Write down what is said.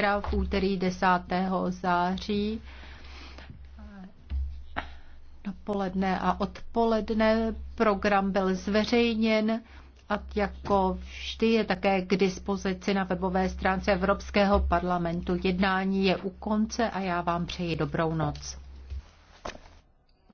zítra v úterý 10. září eh, dopoledne a odpoledne. Program byl zveřejněn a jako vždy je také k dispozici na webové stránce Evropského parlamentu. Jednání je u konce a já vám přeji dobrou noc.